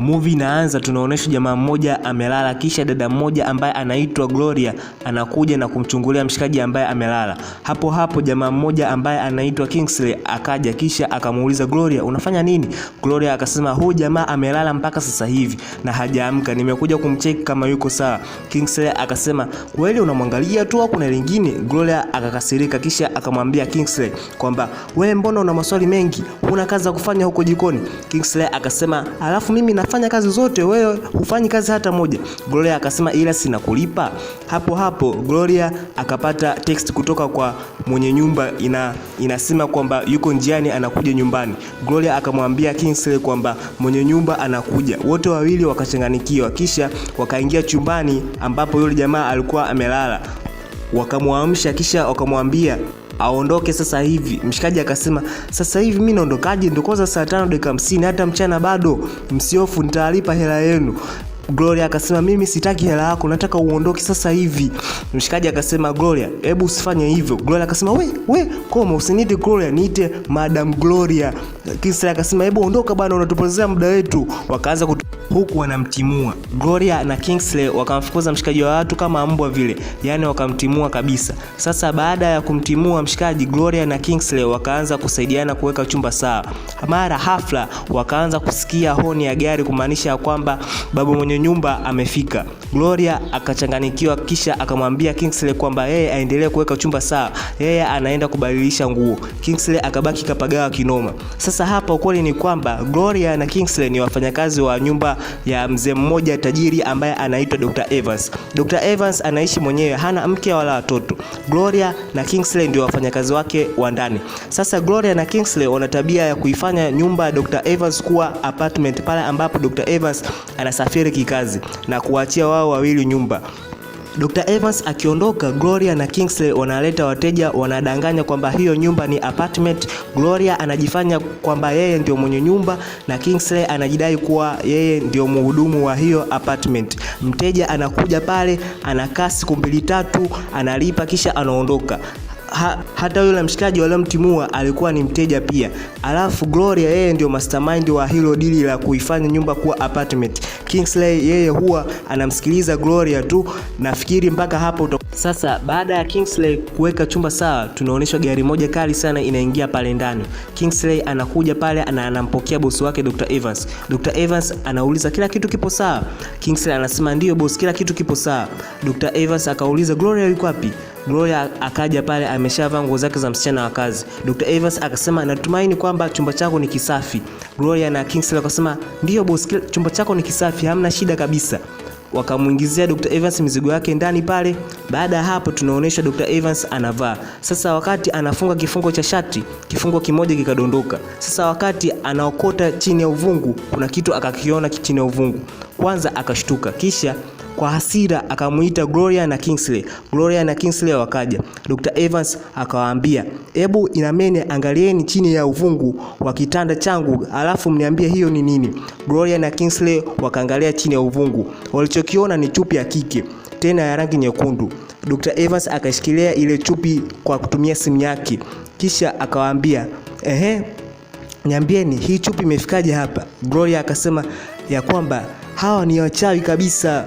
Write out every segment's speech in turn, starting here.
Movie inaanza, tunaonyeshwa jamaa mmoja amelala, kisha dada mmoja ambaye anaitwa Gloria anakuja na kumchungulia mshikaji ambaye amelala. Hapo hapo jamaa mmoja ambaye anaitwa Kingsley akaja, kisha akamuuliza Gloria, unafanya nini? Gloria akasema huyu jamaa amelala mpaka sasa hivi na hajaamka, nimekuja kumcheki kama yuko sawa. Kingsley akasema kweli unamwangalia tu au kuna lingine? Gloria akakasirika, kisha akamwambia Kingsley kwamba wewe, mbona una maswali mengi, huna kazi za kufanya huko jikoni? Kingsley akasema alafu mimi na amefanya kazi zote, wewe hufanyi kazi hata moja. Gloria akasema ila kulipa Hapo hapo Gloria akapata text kutoka kwa mwenye nyumba ina, inasema kwamba yuko njiani anakuja nyumbani. Gloria akamwambia Kingsley kwamba mwenye nyumba anakuja. Wote wawili wakachanganikiwa, kisha wakaingia chumbani ambapo yule jamaa alikuwa amelala, wakamwamsha kisha wakamwambia aondoke sasa hivi. Mshikaji akasema sasa hivi mimi naondokaje? Ndio kwanza saa tano dakika hamsini, hata mchana bado, msiofu, nitalipa hela yenu. Gloria akasema mimi sitaki hela yako, nataka uondoke sasa hivi. Mshikaji akasema Gloria, hebu usifanye hivyo. Gloria akasema we, we, koma usiniite Gloria, niite Madam Gloria. Kisra akasema hebu ondoka bana, unatupotezea muda wetu. Wakaanza huku wanamtimua Gloria na Kingsley wakamfukuza mshikaji wa watu kama mbwa vile, yani wakamtimua kabisa. Sasa baada ya kumtimua mshikaji, Gloria na Kingsley wakaanza kusaidiana kuweka chumba sawa. Mara hafla wakaanza kusikia honi ya gari, kumaanisha kwamba babu mwenye nyumba amefika. Gloria akachanganikiwa, kisha akamwambia Kingsley kwamba yeye aendelee kuweka chumba sawa, yeye anaenda kubadilisha nguo. Kingsley akabaki kapagawa kinoma. Sasa hapa ukweli ni kwamba Gloria na Kingsley ni wafanyakazi wa nyumba ya mzee mmoja tajiri ambaye anaitwa Dr. Evans. Dr. Evans anaishi mwenyewe, hana mke wala watoto. Gloria na Kingsley ndio wafanyakazi wake wa ndani. Sasa Gloria na Kingsley wana tabia ya kuifanya nyumba ya Dr. Evans kuwa apartment pale ambapo Dr. Evans anasafiri kazi na kuachia wao wawili nyumba. Dr. Evans akiondoka, Gloria na Kingsley wanaleta wateja, wanadanganya kwamba hiyo nyumba ni apartment. Gloria anajifanya kwamba yeye ndio mwenye nyumba na Kingsley anajidai kuwa yeye ndio mhudumu wa hiyo apartment. Mteja anakuja pale, anakaa siku mbili tatu, analipa kisha anaondoka ha, hata yule mshikaji waliomtimua alikuwa ni mteja pia. Alafu Gloria yeye ndio mastermind wa hilo dili la kuifanya nyumba kuwa apartment. Kingsley yeye huwa anamsikiliza Gloria tu, nafikiri mpaka hapo uto... Sasa baada ya Kingsley kuweka chumba sawa, tunaonyeshwa gari moja kali sana inaingia pale ndani. Kingsley anakuja pale na anampokea bosi wake Dr. Evans. Dr. Evans anauliza kila kitu kipo sawa? Kingsley anasema ndio boss, kila kitu kipo sawa. Dr. Evans akauliza Gloria yuko wapi? Gloria akaja pale ameshavaa nguo zake za msichana wa kazi. Dr. Evans akasema natumaini kwamba chumba chako ni kisafi. Gloria na Kingsley wakasema ndiyo boss, chumba chako ni kisafi, hamna shida kabisa. Wakamwingizia Dr. Evans mizigo yake ndani pale. Baada ya hapo, tunaonyeshwa Dr. Evans anavaa sasa. Wakati anafunga kifungo cha shati, kifungo kimoja kikadondoka. Sasa wakati anaokota chini ya uvungu, kuna kitu akakiona chini ya uvungu, kwanza akashtuka, kisha kwa hasira akamuita Gloria na Kingsley. Gloria na Kingsley wakaja. Dr. Evans akawaambia, "Ebu inameni angalieni chini ya uvungu wa kitanda changu, alafu mniambie hiyo ni nini?" Gloria na Kingsley wakaangalia chini ya uvungu. Walichokiona ni chupi ya kike, tena ya rangi nyekundu. Dr. Evans akashikilia ile chupi kwa kutumia simu yake. Kisha akawaambia, "Ehe, niambieni hii chupi imefikaje hapa?" Gloria akasema ya kwamba hawa ni wachawi kabisa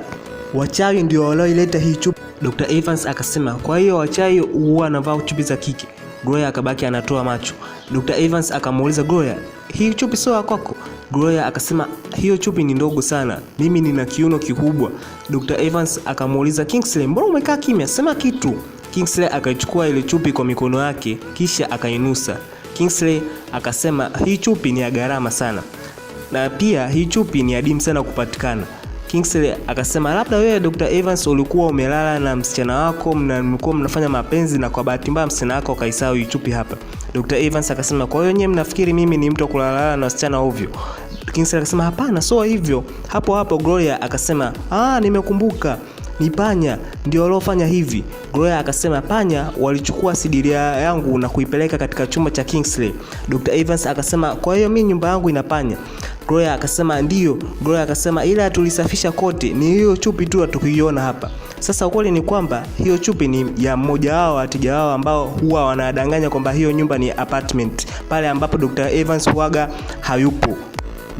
wachawi ndio walioileta hii chupi. Dr. Evans akasema kwa hiyo wachawi huwa anavaa chupi za kike. Gloria akabaki anatoa macho. Dr. Evans akamuuliza Gloria, hii chupi sio yako? kwako? Gloria akasema hiyo chupi ni ndogo sana, mimi nina kiuno kikubwa. Dr. Evans akamuuliza Kingsley, mbona umekaa kimya, sema kitu. Kingsley akaichukua ile chupi kwa mikono yake kisha akainusa. Kingsley akasema hii chupi ni ya gharama sana na pia hii chupi ni adimu sana kupatikana. Kingsley akasema labda wewe Dr. Evans ulikuwa umelala na msichana wako, na mlikuwa mnafanya mapenzi na kwa bahati mbaya msichana wako kaisahau ichupi hapa. Dr. Evans akasema kwa hiyo nyewe mnafikiri mimi ni mtu kulalala na wasichana ovyo? Kingsley akasema hapana, so hivyo. Hapo hapo Gloria akasema ah, nimekumbuka ni panya ndio waliofanya hivi. Gloria akasema panya walichukua sidiria yangu na kuipeleka katika chumba cha Kingsley. Dr. Evans akasema kwa hiyo mimi nyumba yangu ina panya. Gloria akasema ndio. Gloria akasema ila tulisafisha koti, ni hiyo chupi tu hatukuiona hapa. Sasa ukweli ni kwamba hiyo chupi ni ya mmoja wao wateja wao ambao huwa wanadanganya kwamba hiyo nyumba ni apartment, pale ambapo Dr. Evans huaga hayupo.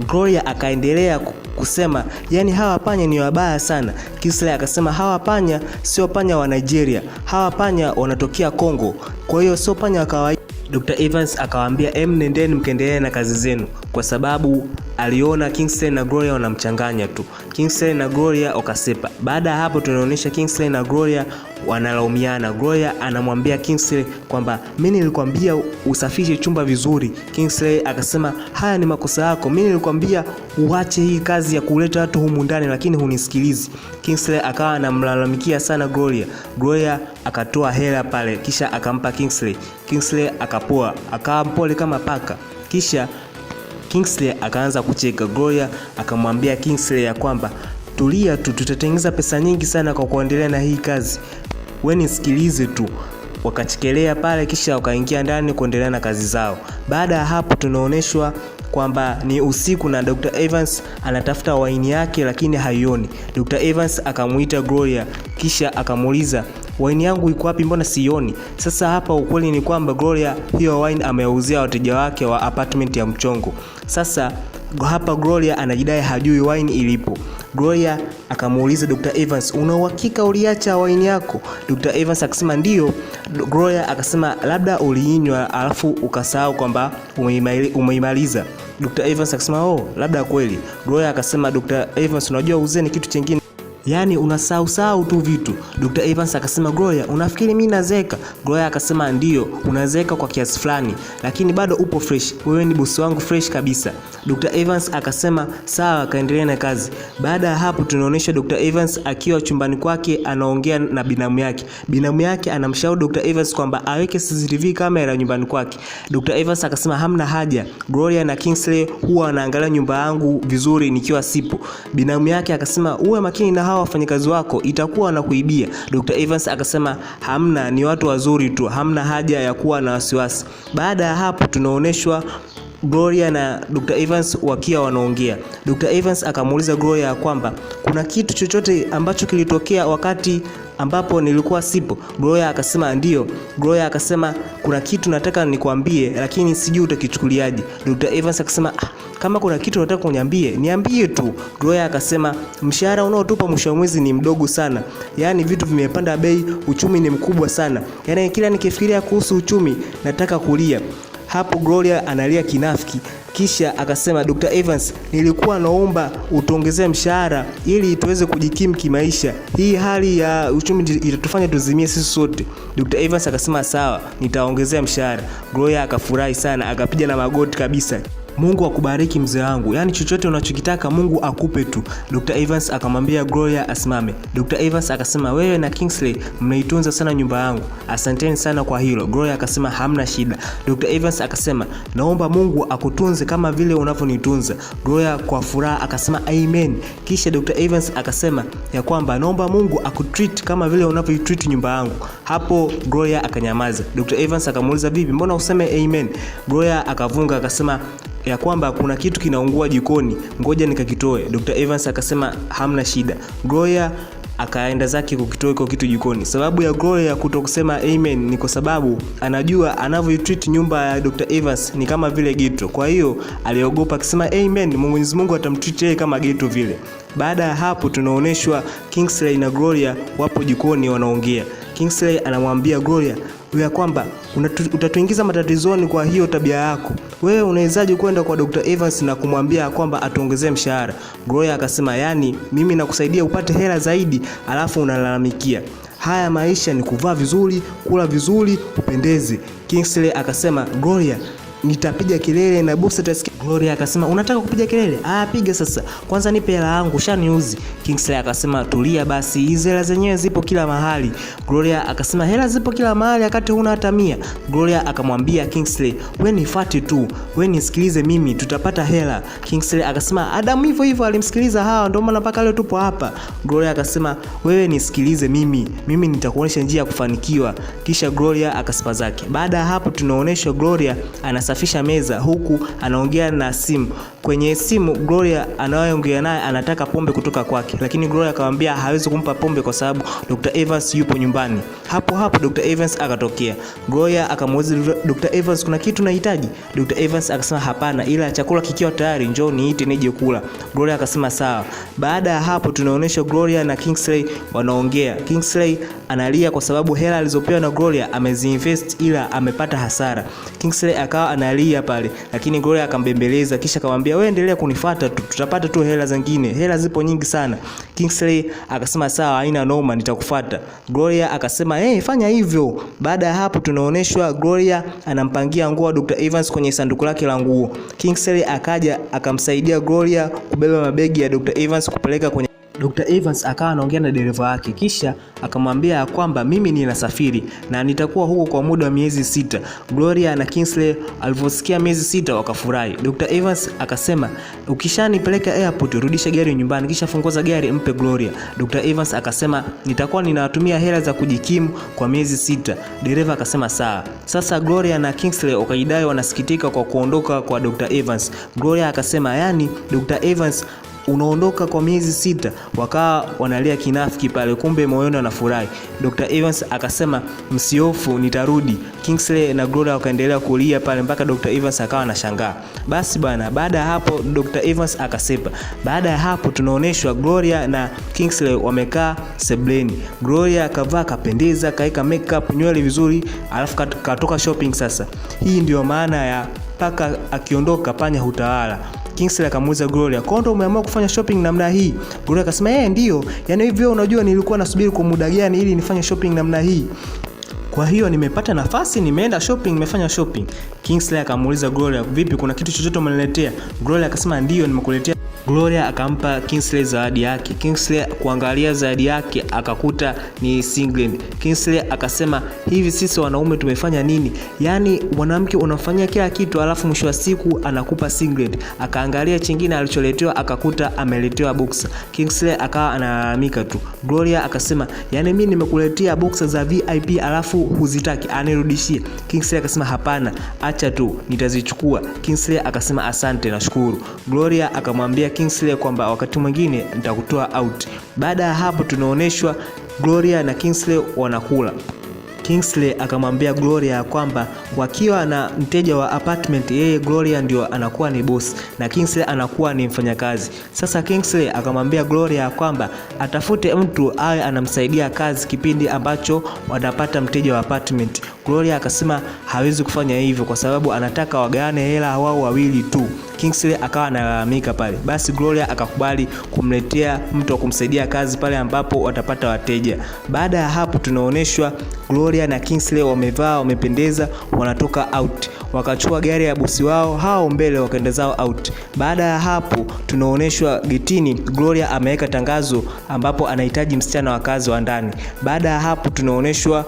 Gloria akaendelea kusema yani, hawa panya ni wabaya sana. Kisla akasema hawa panya sio panya wa Nigeria, hawa panya wanatokea Kongo, kwa hiyo sio panya wa kawaida. Dr. Evans akawaambia em, nendeni mkaendelee na kazi zenu kwa sababu aliona Kingsley na Gloria wanamchanganya tu. Kingsley na Gloria wakasepa. Baada ya hapo, tunaonyesha Kingsley na Gloria wanalaumiana. Gloria anamwambia Kingsley kwamba mimi nilikwambia usafishe chumba vizuri. Kingsley akasema haya ni makosa yako, mimi nilikwambia uache hii kazi ya kuleta watu humu ndani, lakini hunisikilizi. Kingsley akawa anamlalamikia sana Gloria. Gloria akatoa hela pale, kisha akampa Kingsley. Kingsley akapoa, akawa mpole kama paka, kisha Kingsley akaanza kucheka. Gloria akamwambia Kingsley ya kwamba tulia tu, tutatengeneza pesa nyingi sana kwa kuendelea na hii kazi, we nisikilize tu. Wakachekelea pale, kisha wakaingia ndani kuendelea na kazi zao. Baada ya hapo, tunaonyeshwa kwamba ni usiku na Dr. Evans anatafuta waini yake lakini haioni. Dr. Evans akamuita Gloria kisha akamuuliza waini yangu iko wapi? Mbona sioni? Sasa hapa ukweli ni kwamba Gloria hiyo wine ameuzia wateja wake wa apartment ya Mchongo. Sasa hapa Gloria anajidai hajui wine ilipo. Gloria akamuuliza Dr. Evans, una uhakika uliacha wine yako? Dr. Evans akasema ndio Gloria akasema labda uliinywa alafu ukasahau kwamba umeimaliza. Dr. Evans akasema oh, labda kweli. Gloria akasema Dr. Evans, unajua uzee ni kitu chingine. Yaani unasausau tu vitu. Dr. Evans akasema Gloria, unafikiri mimi nazeeka? Gloria akasema ndio unazeeka kwa kiasi fulani, lakini bado upo fresh. Wewe ni bosi wangu fresh kabisa. Dr. Evans akasema sawa, akaendelea na kazi. Baada ya hapo tunaonyesha Dr. Evans akiwa chumbani kwake anaongea na binamu yake. Binamu yake anamshauri Dr. Evans kwamba aweke CCTV kamera nyumbani kwake. Dr. Evans akasema hamna haja. Gloria na Kingsley huwa wanaangalia nyumba yangu vizuri nikiwa sipo. Binamu yake akasema uwe makini na hawa wafanyakazi wako itakuwa kuibia. Dr. Evans akasema hamna, ni watu wazuri tu, hamna haja ya kuwa na wasiwasi. Baada ya hapo tunaonyeshwa Gloria na Dr. Evans wakiwa wanaongea. Dr. Evans akamuuliza Gloria ya kwamba kuna kitu chochote ambacho kilitokea wakati ambapo nilikuwa sipo. Gloria akasema ndio Gloria akasema kuna kitu nataka nikwambie, lakini sijui utakichukuliaje. Dr. Evans akasema ah, kama kuna kitu nataka kuniambie niambie tu. Gloria akasema mshahara unaotupa mwisho wa mwezi ni mdogo sana, yaani vitu vimepanda bei, uchumi ni mkubwa sana, yaani kila nikifikiria kuhusu uchumi nataka kulia. Hapo Gloria analia kinafiki, kisha akasema, Dr. Evans, nilikuwa naomba utuongezee mshahara ili tuweze kujikimu kimaisha. Hii hali ya uchumi itatufanya tuzimie sisi sote. Dr. Evans akasema sawa, nitaongezea mshahara. Gloria akafurahi sana, akapiga na magoti kabisa. Mungu akubariki mzee wangu, yaani chochote unachokitaka Mungu akupe tu. Dr. Evans akamwambia Gloria asimame. Dr. Evans akasema wewe na Kingsley mnaitunza sana nyumba yangu, asanteni sana kwa hilo. Gloria akasema hamna shida. Dr. Evans akasema naomba Mungu akutunze kama vile unavyonitunza. Gloria kwa furaha akasema amen. Kisha Dr. Evans akasema ya kwamba naomba Mungu akutreat kama vile unavyoitreat nyumba yangu. Hapo Gloria akanyamaza. Dr. Evans akamuuliza bibi, mbona useme amen? Gloria akavunga akasema ya kwamba kuna kitu kinaungua jikoni, ngoja nikakitoe. Dr. Evans akasema hamna shida. Gloria akaenda zake kukitoa iko kitu jikoni. Sababu ya Gloria kuto kusema amen ni kwa sababu anajua anavyoitreat nyumba ya Dr. Evans ni kama vile ghetto. Kwa hiyo aliogopa akisema amen, Mwenyezi Mungu atamtreat yeye kama ghetto vile. Baada ya hapo, tunaonyeshwa Kingsley na Gloria wapo jikoni wanaongea. Kingsley anamwambia Gloria, ya kwamba utatuingiza matatizoni kwa hiyo tabia yako. Wewe unawezaje kwenda kwa Dr. Evans na kumwambia kwamba atuongezee mshahara? Gloria akasema, yaani mimi nakusaidia upate hela zaidi alafu unalalamikia haya maisha? Ni kuvaa vizuri, kula vizuri, upendeze. Kingsley akasema, Gloria nitapiga kelele na bosi atasikia. Gloria akasema unataka kupiga kelele? Ah, piga sasa. Kwanza nipe hela yangu, shaniuzi. Kingsley akasema tulia basi, hizo hela zenyewe zipo kila mahali. Gloria akasema hela zipo kila mahali akati huna hata mia. Gloria akamwambia Kingsley, wewe nifuate tu, wewe nisikilize mimi, tutapata hela. Kingsley akasema Adam hivyo hivyo alimsikiliza hawa, ndio maana mpaka leo tupo hapa. Gloria akasema wewe nisikilize mimi, mimi nitakuonesha njia ya kufanikiwa. Kisha Gloria akasipa zake. Baada ya hapo tunaonyeshwa Gloria ana anasafisha meza huku anaongea na simu. Kwenye simu Gloria anayeongea naye anataka pombe kutoka kwake, lakini Gloria akamwambia hawezi kumpa pombe kwa sababu Dr. Evans yupo nyumbani. Hapo hapo Dr. Evans akatokea. Gloria akamuuliza Dr. Evans, kuna kitu nahitaji? Dr. Evans akasema hapana, ila chakula kikiwa tayari njoo niite nije kula. Gloria akasema sawa. Baada ya hapo tunaonyeshwa Gloria na Kingsley wanaongea. Kingsley analia kwa sababu hela alizopewa na Gloria ameziinvest ila amepata hasara. Kingsley akawa analia pale, lakini Gloria akambembeleza, kisha akamwambia wewe endelea kunifuata tu, tutapata tu hela zingine, hela zipo nyingi sana. Kingsley akasema sawa, haina noma, nitakufuata. Gloria akasema eh, hey, fanya hivyo. Baada ya hapo, tunaoneshwa Gloria anampangia nguo Dr. Evans kwenye sanduku lake la nguo. Kingsley akaja akamsaidia Gloria kubeba mabegi ya Dr. Evans kupeleka kwenye Dr. Evans akawa anaongea na dereva wake kisha akamwambia ya kwamba mimi ninasafiri na nitakuwa huko kwa muda wa miezi sita. Gloria na Kingsley alivyosikia miezi sita wakafurahi. Dr. Evans akasema ukishanipeleka airport rudisha gari nyumbani kisha funguza gari mpe Gloria. Dr. Evans akasema nitakuwa ninawatumia hela za kujikimu kwa miezi sita. Dereva akasema sawa. Sasa Gloria na Kingsley wakaidai wanasikitika kwa kuondoka kwa Dr. Evans. Gloria akasema yani Dr. Evans unaondoka kwa miezi sita, wakawa wanalia kinafiki pale, kumbe moyoni wanafurahi. Dr. Evans akasema msiofu, nitarudi. Kingsley na Gloria wakaendelea kulia pale mpaka Dr. Evans akawa anashangaa. Basi bana, baada ya hapo Dr. Evans akasepa. Baada ya hapo tunaonyeshwa Gloria na Kingsley wamekaa sebleni. Gloria akavaa kapendeza, kaeka makeup, nywele vizuri, alafu katoka shopping sasa. Hii ndio maana ya paka akiondoka panya hutawala. Kingsley akamuuliza Gloria, "Kondo umeamua kufanya shopping namna hii?" Gloria akasema, "Eh, ndio. Yaani hivyo unajua nilikuwa nasubiri kwa muda gani ili nifanye shopping namna hii." Kwa hiyo nimepata nafasi, nimeenda shopping, nimefanya shopping. Kingsley akamuuliza Gloria, "Vipi kuna kitu chochote umeniletea?" Gloria akasema, "Ndio, nimekuletea Gloria akampa Kingsley zawadi yake. Kingsley kuangalia zawadi yake akakuta ni singlet. Kingsley akasema hivi, sisi wanaume tumefanya nini? Yaani mwanamke unafanya kila kitu, alafu mwisho wa siku anakupa singlet. Akaangalia chingine alicholetewa akakuta ameletewa boxer. Kingsley akawa analalamika tu. Gloria akasema, yaani mimi nimekuletea boxer za VIP alafu huzitaki, anirudishie. Kingsley akasema hapana, acha tu nitazichukua. Kingsley akasema asante, nashukuru. Gloria akamwambia Kingsley kwamba wakati mwingine nitakutoa out. Baada ya hapo, tunaonyeshwa Gloria na Kingsley wanakula. Kingsley akamwambia Gloria kwamba wakiwa na mteja wa apartment, yeye Gloria ndio anakuwa ni boss na Kingsley anakuwa ni mfanyakazi. Sasa Kingsley akamwambia Gloria kwamba atafute mtu awe anamsaidia kazi kipindi ambacho wanapata mteja wa apartment. Gloria akasema hawezi kufanya hivyo kwa sababu anataka wagane hela wao wawili tu. Kingsley akawa analalamika pale, basi Gloria akakubali kumletea mtu wa kumsaidia kazi pale ambapo watapata wateja. Baada ya hapo, tunaonyeshwa Gloria na Kingsley wamevaa, wamependeza, wanatoka out, wakachukua gari ya bosi wao hao mbele, wakaenda zao out. Baada ya hapo, tunaonyeshwa getini, Gloria ameweka tangazo ambapo anahitaji msichana wa kazi wa ndani. Baada ya hapo, tunaonyeshwa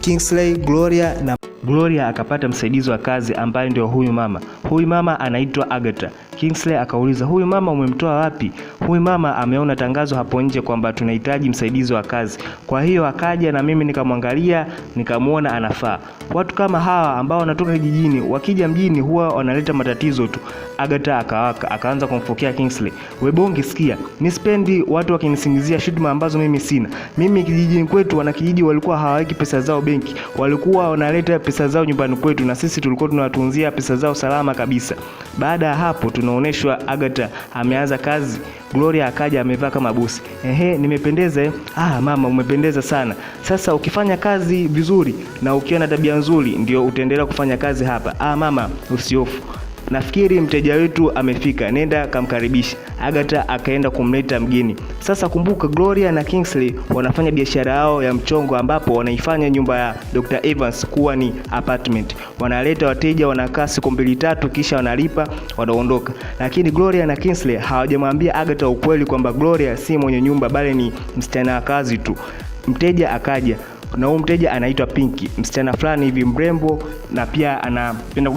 Kingsley Gloria na Gloria akapata msaidizi wa kazi ambaye ndio huyu mama. Huyu mama anaitwa Agatha. Kingsley akauliza, huyu mama umemtoa wapi? Huyu mama ameona tangazo hapo nje kwamba tunahitaji msaidizi wa kazi, kwa hiyo akaja na mimi nikamwangalia, nikamwona anafaa. Watu kama hawa ambao wanatoka kijijini wakija mjini huwa wanaleta matatizo tu. Agata akawaka, akaanza kumfokea Kingsley, webongi, sikia, mi sipendi watu wakinisingizia shutuma ambazo mimi sina. Mimi kijijini kwetu wanakijiji walikuwa hawaweki pesa zao benki, walikuwa wanaleta pesa zao nyumbani kwetu, na sisi tulikuwa tunawatunzia pesa zao salama kabisa. Baada ya hapo tuna tunaonyeshwa Agatha ameanza kazi, Gloria akaja amevaa kama bosi. Ehe, nimependeza. Ah, mama umependeza sana. Sasa ukifanya kazi vizuri na ukiwa na tabia nzuri ndio utaendelea kufanya kazi hapa. Ah, mama usiofu. Nafikiri mteja wetu amefika, nenda kamkaribisha. agata akaenda kumleta mgeni. Sasa kumbuka, Gloria na Kingsley wanafanya biashara yao ya mchongo, ambapo wanaifanya nyumba ya Dr. Evans kuwa ni apartment. Wanaleta wateja, wanakaa siku mbili tatu, kisha wanalipa, wanaondoka. Lakini Gloria na Kingsley hawajamwambia Agata ukweli kwamba Gloria si mwenye nyumba, bali ni msichana wa kazi tu. Mteja akaja na huyu mteja anaitwa Pinki, msichana fulani hivi mrembo, na pia anapenda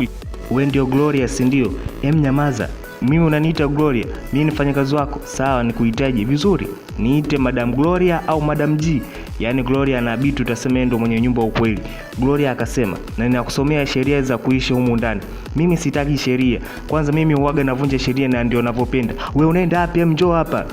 we ndio Gloria, si ndio? Em, nyamaza. Mimi unaniita Gloria, mimi mfanyakazi wako. Sawa, nikuhitaji vizuri, niite Madam Gloria au Madam G. Yaani Gloria na Bitu tutasema ndio mwenye nyumba ukweli. Gloria akasema, na ninakusomea sheria za kuishi humu ndani. Mimi sitaki sheria. Kwanza mimi uwaga navunja sheria na ndio ninavyopenda. Wewe unaenda wapi? mjoo hapa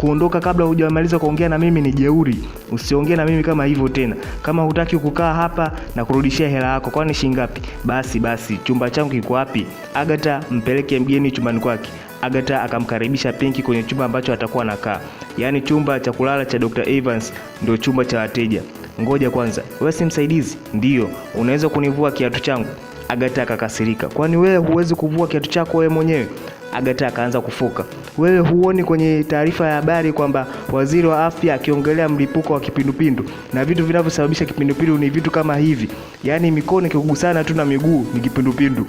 kuondoka kabla hujamaliza kuongea na mimi ni jeuri. Usiongee na mimi kama hivyo tena. Kama hutaki kukaa hapa na kurudishia hela yako, kwani shilingi ngapi? Basi basi, chumba changu kiko wapi? Agata mpeleke mgeni chumbani kwake. Agata akamkaribisha Pinki kwenye chumba ambacho atakuwa anakaa, yaani chumba cha kulala cha Dr. Evans ndio chumba cha wateja. Ngoja kwanza, wewe si msaidizi? Ndiyo. Unaweza kunivua kiatu changu? Agata akakasirika, kwani wewe huwezi kuvua kiatu chako wewe mwenyewe? Agata akaanza kufuka. Wewe huoni kwenye taarifa ya habari kwamba waziri wa afya akiongelea mlipuko wa kipindupindu na vitu vinavyosababisha kipindupindu ni vitu kama hivi, yaani mikono ikigusana tu na miguu ni kipindupindu.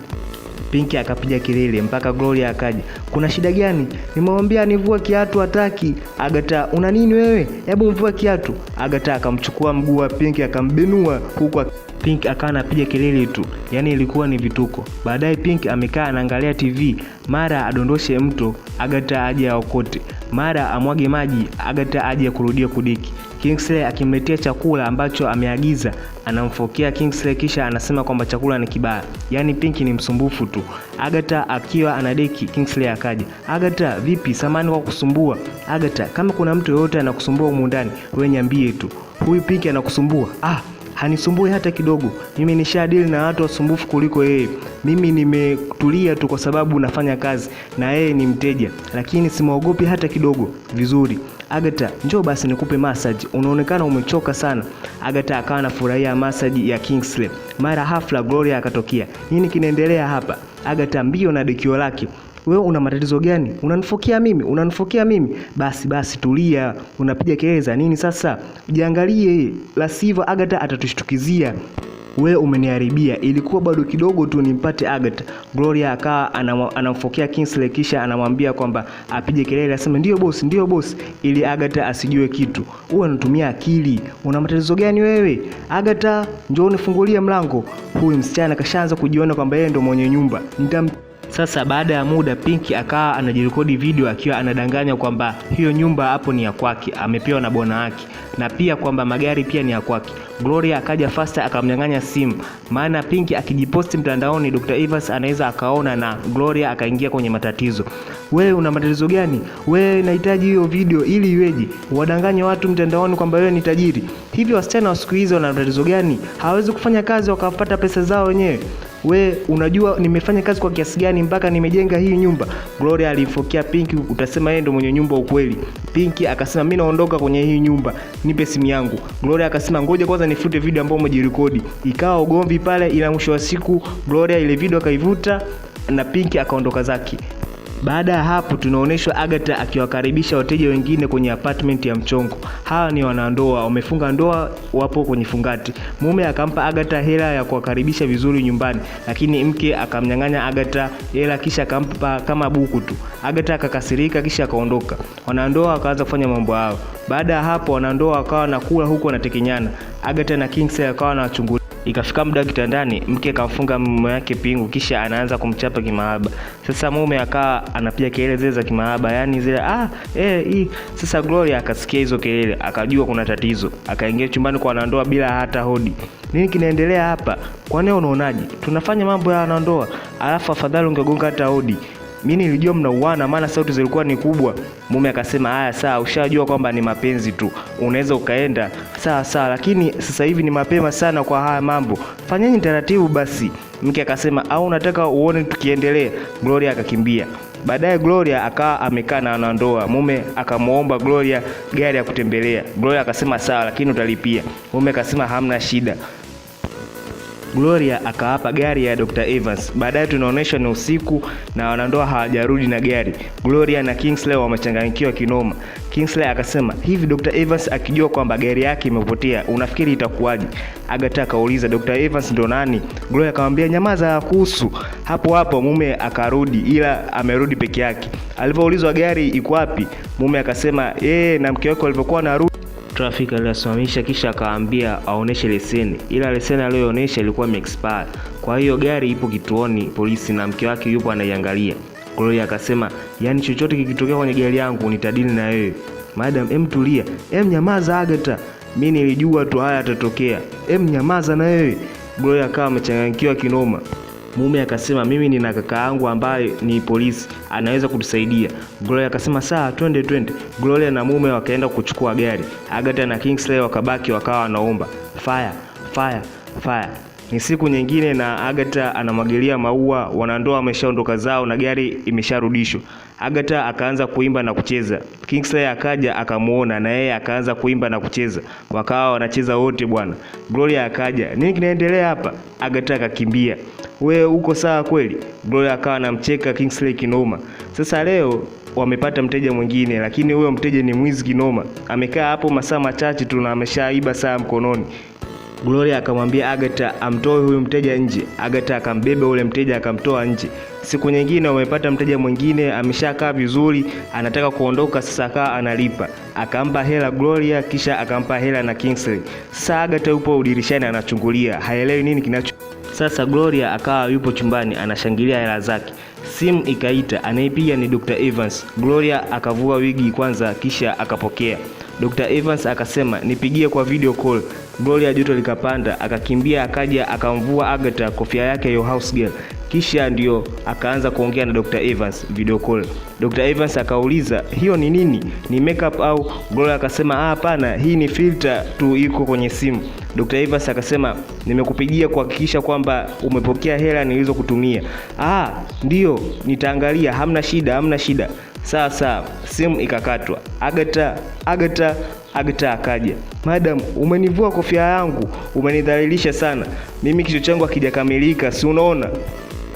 Pinki akapiga kelele mpaka Gloria akaja. Kuna shida gani? Nimemwambia nivue kiatu hataki. Agata, una nini wewe? Hebu mvue kiatu. Agata akamchukua mguu wa Pinki akambinua huku Pink akawa anapiga kelele tu, yaani ilikuwa ni vituko. Baadaye Pink amekaa anaangalia TV, mara adondoshe mto, Agata aje aokote, mara amwage maji, Agata aje kurudia kudiki. Kingsley akimletea chakula ambacho ameagiza, anamfokea Kingsley kisha anasema kwamba chakula ni kibaya. Yaani Pink ni msumbufu tu. Agata akiwa anadeki Kingsley akaja. Agata, vipi? Samani kwa kusumbua. Agata, kama kuna mtu yoyote anakusumbua humu ndani, wewe niambie tu. Huyu Pink anakusumbua. Ah, hanisumbui hata kidogo. Mimi nishadili na watu wasumbufu kuliko yeye. Mimi nimetulia tu kwa sababu nafanya kazi na yeye ni mteja, lakini simwogopi hata kidogo. Vizuri. agata njoo basi nikupe massage, unaonekana umechoka sana. agata akawa anafurahia massage ya Kingsley. Mara hafla Gloria akatokea, nini kinaendelea hapa? agata mbio na dekio lake wewe una matatizo gani? Unanifokea mimi? Unanifokea mimi? Basi basi, tulia, unapiga kelele za nini sasa? Jiangalie, la sivyo Agatha atatushtukizia. Wewe umeniharibia, ilikuwa bado kidogo tu nimpate Agatha. Gloria akawa anamfokea Kingsley, kisha anamwambia kwamba apige kelele aseme ndio bosi, ndio bosi, ili Agatha asijue kitu. Huwa anatumia akili. Una matatizo gani wewe? Agatha, njoo unifungulie mlango. Huyu msichana kashaanza kujiona kwamba yeye ndo mwenye nyumba. Nitam sasa baada ya muda Pinki akawa anajirekodi video akiwa anadanganya kwamba hiyo nyumba hapo ni ya kwake, amepewa na bwana wake na pia kwamba magari pia ni ya kwake. Gloria akaja Fasta akamnyang'anya simu, maana Pinki akijiposti mtandaoni Dr. Evans anaweza akaona na Gloria akaingia kwenye matatizo. Wewe una matatizo gani? Wewe nahitaji hiyo video ili iweje? Wadanganya watu mtandaoni kwamba wewe ni tajiri. Hivi wasichana wa siku hizi wana matatizo gani? Hawawezi kufanya kazi wakapata pesa zao wenyewe. We unajua nimefanya kazi kwa kiasi gani mpaka nimejenga hii nyumba. Gloria alifokea Pinki, utasema yeye ndo mwenye nyumba ukweli. Pinki akasema mimi naondoka kwenye hii nyumba nipe simu yangu. Gloria akasema ngoja kwanza nifute video ambayo umejirekodi. Ikawa ugomvi pale, ila mwisho wa siku Gloria ile video akaivuta na Pinki akaondoka zake. Baada ya hapo tunaonyeshwa Agatha akiwakaribisha wateja wengine kwenye apartment ya Mchongo. Hawa ni wanandoa, wamefunga ndoa, wapo kwenye fungati. Mume akampa Agatha hela ya kuwakaribisha vizuri nyumbani, lakini mke akamnyang'anya Agatha hela kisha akampa kama buku tu. Agatha akakasirika kisha akaondoka. Wanandoa wakaanza kufanya mambo yao. Baada ya hapo wanandoa wakawa na nakula huku wanatekenyana. Agatha na Kingsley akawa wachungu Ikafika muda kitandani, mke akamfunga mume wake pingu, kisha anaanza kumchapa kimahaba. Sasa mume akawa anapiga kelele zile za kimahaba, yani zile ah, eh, hii. Sasa Gloria akasikia hizo kelele, akajua kuna tatizo, akaingia chumbani kwa wanandoa bila hata hodi. Nini kinaendelea hapa? Kwa nini unaonaje? Tunafanya mambo ya wanandoa, alafu afadhali ungegonga hata hodi mimi nilijua mnauana, maana sauti zilikuwa ni kubwa. Mume akasema haya, sawa, ushajua kwamba ni mapenzi tu, unaweza ukaenda sawa sawa, lakini sasa hivi ni mapema sana kwa haya mambo, fanyeni taratibu basi. Mke akasema au unataka uone tukiendelea? Gloria akakimbia. Baadaye Gloria akawa amekaa na wanandoa. Mume akamwomba Gloria gari ya kutembelea. Gloria akasema sawa, lakini utalipia. Mume akasema hamna shida. Gloria akawapa gari ya Dr. Evans. Baadaye tunaonyeshwa ni usiku na wanandoa hawajarudi na gari. Gloria na Kingsley wamechanganyikiwa kinoma. Kingsley akasema, hivi Dr. Evans akijua kwamba gari yake imepotea unafikiri itakuwaje? Agatha akauliza Dr. Evans ndo nani? Gloria akamwambia nyamaza kuhusu. Hapo hapo mume akarudi ila amerudi peke yake. Alipoulizwa gari iko wapi, mume akasema yeye eh, na mke wake walivyokuwa narudi trafiki aliyasimamisha kisha akaambia aoneshe leseni, ila leseni aliyoonyesha ilikuwa imeexpire. Kwa hiyo gari ipo kituoni polisi na mke wake yupo anaiangalia. Gloria akasema, yaani chochote kikitokea kwenye gari yangu nitadili na wewe. Madam, em tulia, em nyamaza Agata, mi nilijua tu haya yatatokea, em nyamaza na wewe. Gloria akawa amechanganyikiwa kinoma. Mume akasema mimi nina kaka yangu ambaye ni polisi, anaweza kutusaidia. Gloria akasema sawa, twende twende. Gloria na mume wakaenda kuchukua gari. Agatha na Kingsley wakabaki wakawa wanaomba fire fire fire. Ni siku nyingine na Agatha anamwagilia maua, wanandoa wameshaondoka zao na gari imesharudishwa. Agatha akaanza kuimba na kucheza. Kingsley akaja akamuona na yeye akaanza kuimba na kucheza, wakawa wanacheza wote bwana. Gloria akaja, nini kinaendelea hapa? Agatha akakimbia, we uko sawa kweli? Gloria akawa anamcheka Kingsley kinoma. Sasa leo wamepata mteja mwingine, lakini huyo mteja ni mwizi kinoma. Amekaa hapo masaa machache tu na ameshaiba saa mkononi. Gloria akamwambia Agatha amtoe huyu mteja nje. Agatha akambeba ule mteja akamtoa nje. Siku nyingine wamepata mteja mwingine ameshakaa vizuri, anataka kuondoka sasa, akawa analipa, akampa hela Gloria, kisha akampa hela na Kingsley. Sasa Agatha yupo udirishani anachungulia, haelewi nini kinacho sasa Gloria akawa yupo chumbani anashangilia hela zake. Simu ikaita, anayepiga ni Dr. Evans. Gloria akavua wigi kwanza kisha akapokea. Dr. Evans akasema nipigie kwa video call. Goli ya joto likapanda, akakimbia akaja akamvua Agatha kofia yake ya house girl, kisha ndio akaanza kuongea na Dr. Evans video call. Dr. Evans akauliza hiyo ni nini, ni makeup au? Gloria akasema ah, hapana, hii ni filter tu iko kwenye simu. Dr. Evans akasema nimekupigia kuhakikisha kwamba umepokea hela nilizokutumia. Ah, ndio nitaangalia, hamna shida, hamna shida. Sasa simu ikakatwa. Agata, Agata, Agata akaja. Madam, umenivua kofia yangu, umenidhalilisha sana. Mimi kichwa changu hakijakamilika, si unaona?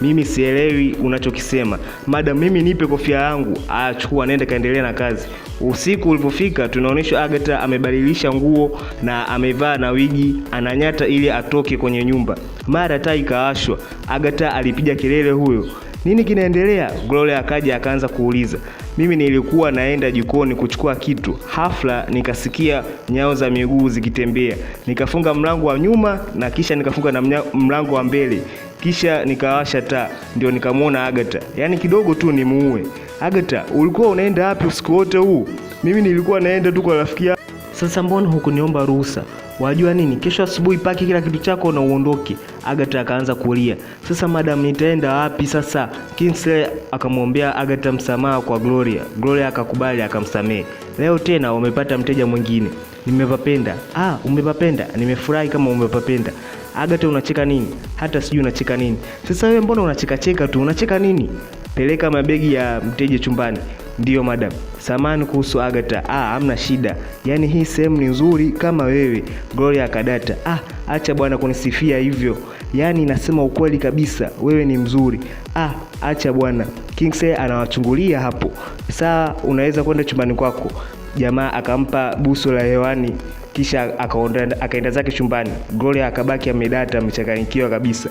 Mimi sielewi unachokisema. Madam, mimi nipe kofia yangu. Achukua nenda kaendelea na kazi. Usiku ulipofika, tunaonyeshwa Agata amebadilisha nguo na amevaa na wigi, ananyata ili atoke kwenye nyumba. Mara taa ikawashwa. Agata alipiga kelele huyo nini kinaendelea? Gloria akaja akaanza kuuliza, mimi nilikuwa naenda jikoni kuchukua kitu, hafla nikasikia nyao za miguu zikitembea, nikafunga mlango wa nyuma na kisha nikafunga na mlango wa mbele, kisha nikawasha taa, ndio nikamwona Agata. Yaani kidogo tu nimuue. Agata, ulikuwa unaenda wapi usiku wote huu? Mimi nilikuwa naenda tu kwa rafiki yangu. Sasa mbona hukuniomba ruhusa? wajua nini, kesho asubuhi paki kila kitu chako na uondoke. Agata akaanza kulia, sasa madam, nitaenda wapi sasa? Kingsley akamwombea Agata msamaha kwa Gloria. Gloria akakubali akamsamehe. Leo tena wamepata mteja mwingine. Nimepapenda. Ah, umepapenda. Nimefurahi kama umepapenda. Agata unacheka nini? Hata sijui unacheka nini. Sasa wewe mbona unachekacheka tu? Unacheka nini? Peleka mabegi ya mteja chumbani. Ndiyo madam, samani kuhusu Agatha. Ah, hamna shida, yaani hii sehemu ni nzuri kama wewe. Gloria Kadata. Ah, acha bwana kunisifia hivyo, yaani nasema ukweli kabisa, wewe ni mzuri. Ah, acha bwana. Kingsley anawachungulia hapo. Saa unaweza kwenda chumbani kwako. Jamaa akampa busu la hewani kisha akaenda zake chumbani. Gloria akabaki amedata, amechanganyikiwa kabisa.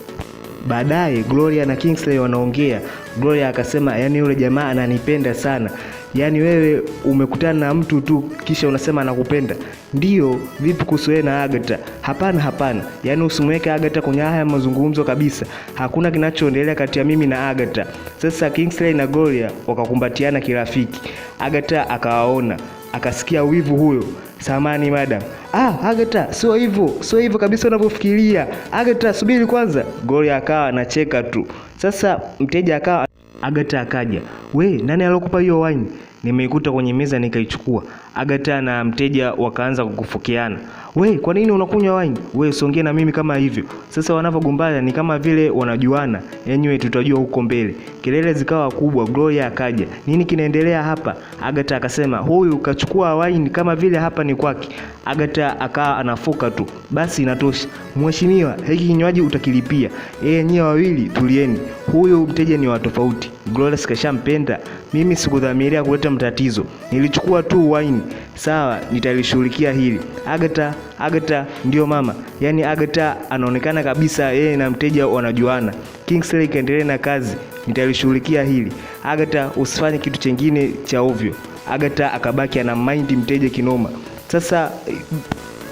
Baadaye Gloria na Kingsley wanaongea. Gloria akasema, yani yule jamaa ananipenda sana. Yaani wewe umekutana na mtu tu kisha unasema anakupenda. Ndiyo, vipi kuhusu wewe na Agatha? Hapana, hapana. Yaani usimweke Agatha kwenye haya mazungumzo kabisa. Hakuna kinachoendelea kati ya mimi na Agatha. Sasa Kingsley na Gloria wakakumbatiana kirafiki. Agatha akawaona, akasikia wivu huyo. Samani madam ah, Agatha sio hivyo, sio hivyo kabisa unavyofikiria. Agatha subiri kwanza. gori akawa anacheka tu. Sasa mteja akawa Agatha akaja, we nani alokupa hiyo wine? Nimeikuta kwenye meza nikaichukua. Agatha na mteja wakaanza kukufukiana we, kwa nini unakunywa wine? We usiongee na mimi kama hivyo. Sasa wanavyogombana ni kama vile wanajuana, anyway tutajua huko mbele. Kelele zikawa kubwa, Gloria akaja, nini kinaendelea hapa? Agata akasema huyu kachukua wine kama vile hapa ni kwake. Agata akaa anafoka tu, basi inatosha. Mheshimiwa, hiki kinywaji utakilipia. Yeye nyie wawili tulieni, huyu mteja ni wa tofauti. Gloria sikashampenda mimi, sikudhamiria kuleta mtatizo, nilichukua tu wine. Sawa, nitalishughulikia hili. Agata Agatha ndio mama, yaani Agatha anaonekana kabisa yeye na mteja wanajuana. Kingsley kaendelee na kazi, nitalishughulikia hili. Agatha usifanye kitu chengine cha ovyo. Agatha akabaki ana mind mteja kinoma. Sasa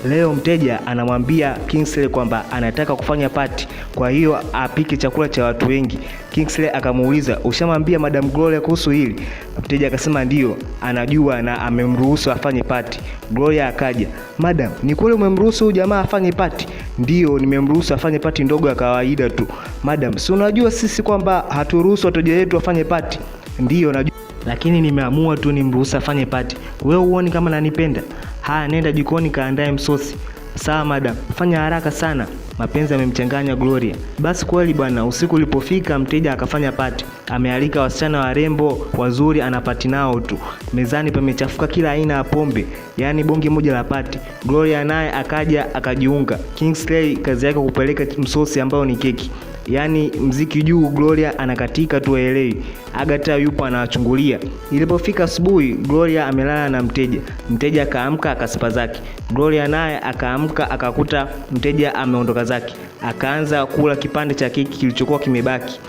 Leo mteja anamwambia Kingsley kwamba anataka kufanya pati, kwa hiyo apike chakula cha watu wengi. Kingsley akamuuliza ushamwambia Madam Gloria kuhusu hili? Mteja akasema ndiyo, anajua na amemruhusu afanye pati. Gloria akaja, Madam, ni kweli umemruhusu huyu jamaa afanye pati? Ndiyo, nimemruhusu afanye pati ndogo ya kawaida tu. Madam, si unajua sisi kwamba haturuhusu wateja wetu wafanye pati? Ndiyo najua lakini nimeamua tu nimruhusu afanye pati. we huoni kama nanipenda? Haya, nenda jikoni kaandae msosi. Sawa madam, fanya haraka sana. Mapenzi amemchanganya Gloria. Basi kweli bwana, usiku ulipofika, mteja akafanya pati. Amealika wasichana warembo wazuri, anapati nao tu. Mezani pamechafuka kila aina ya pombe, yaani bonge moja la pati. Gloria naye akaja akajiunga. Kingsley kazi yake kupeleka msosi ambao ni keki yani mziki juu, Gloria anakatika tu aelewi. Agatha yupo anawachungulia. Ilipofika asubuhi, Gloria amelala na mteja. Mteja akaamka akasipa zake, Gloria naye akaamka akakuta mteja ameondoka zake, akaanza kula kipande cha keki kilichokuwa kimebaki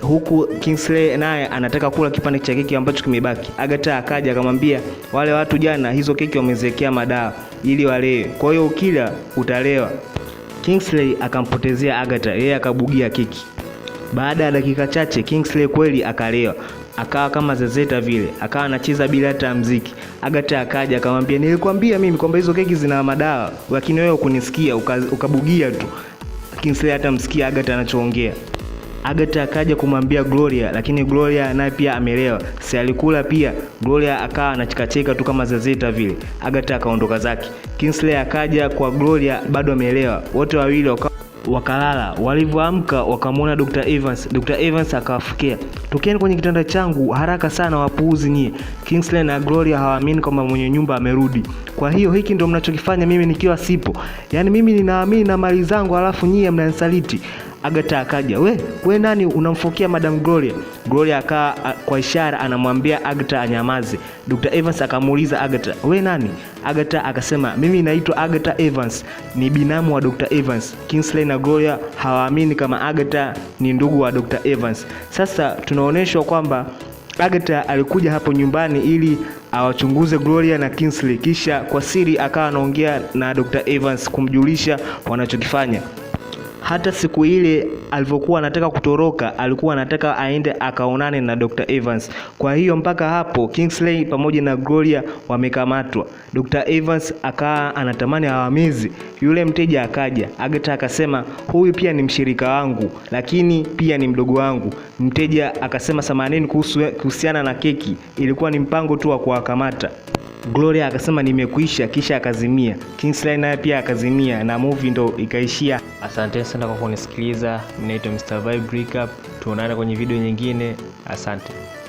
huku Kingsley naye anataka kula kipande cha keki ambacho kimebaki. Agatha akaja akamwambia wale watu jana hizo keki wamezekea madawa ili walewe, kwa hiyo ukila utalewa. Kingsley akampotezea Agatha, yeye akabugia kiki. Baada ya dakika chache Kingsley kweli akalewa, akawa kama zezeta vile, akawa anacheza bila hata mziki. Agatha akaja akamwambia, nilikwambia mimi kwamba hizo keki zina madawa, lakini wewe ukunisikia ukabugia tu. Kingsley hata msikia Agatha anachoongea. Agatha akaja kumwambia Gloria, lakini Gloria naye pia amelewa, si alikula pia. Gloria akawa anachikacheka tu kama zazeta vile. Agatha akaondoka zake. Kingsley akaja kwa Gloria, bado amelewa. Wote wawili waka wakalala. Walivyoamka wakamwona Dr. Evans. Dr. Evans akawafikia, tokeni kwenye kitanda changu haraka sana, wapuuzi nyie. Kingsley na Gloria hawaamini kwamba mwenye nyumba amerudi. Kwa hiyo hiki ndio mnachokifanya mimi nikiwa sipo, yaani mimi ninaamini na mali zangu, halafu nyie mnanisaliti. Agatha akaja, we we nani unamfokea Madam Gloria? Gloria akaa kwa ishara anamwambia Agatha anyamaze. Dr. Evans akamuuliza Agatha, we nani? Agatha akasema mimi naitwa Agatha Evans, ni binamu wa Dr. Evans. Kingsley na Gloria hawaamini kama Agatha ni ndugu wa Dr. Evans. Sasa tunaonyeshwa kwamba Agatha alikuja hapo nyumbani ili awachunguze Gloria na Kingsley, kisha kwa siri akawa anaongea na Dr. Evans kumjulisha wanachokifanya. Hata siku ile alivyokuwa anataka kutoroka, alikuwa anataka aende akaonane na Dr. Evans. Kwa hiyo mpaka hapo Kingsley pamoja na Gloria wamekamatwa. Dr. Evans akaa anatamani awamizi. Yule mteja akaja, Agatha akasema huyu pia ni mshirika wangu, lakini pia ni mdogo wangu. Mteja akasema samanini kuhusiana na keki, ilikuwa ni mpango tu wa kuwakamata. Gloria akasema nimekuisha, kisha akazimia. Kingsley naye pia akazimia na movie ndo ikaishia. Asante sana kwa kunisikiliza. Mimi naitwa Mr. Vibe Breakup. tuonane kwenye video nyingine. Asante.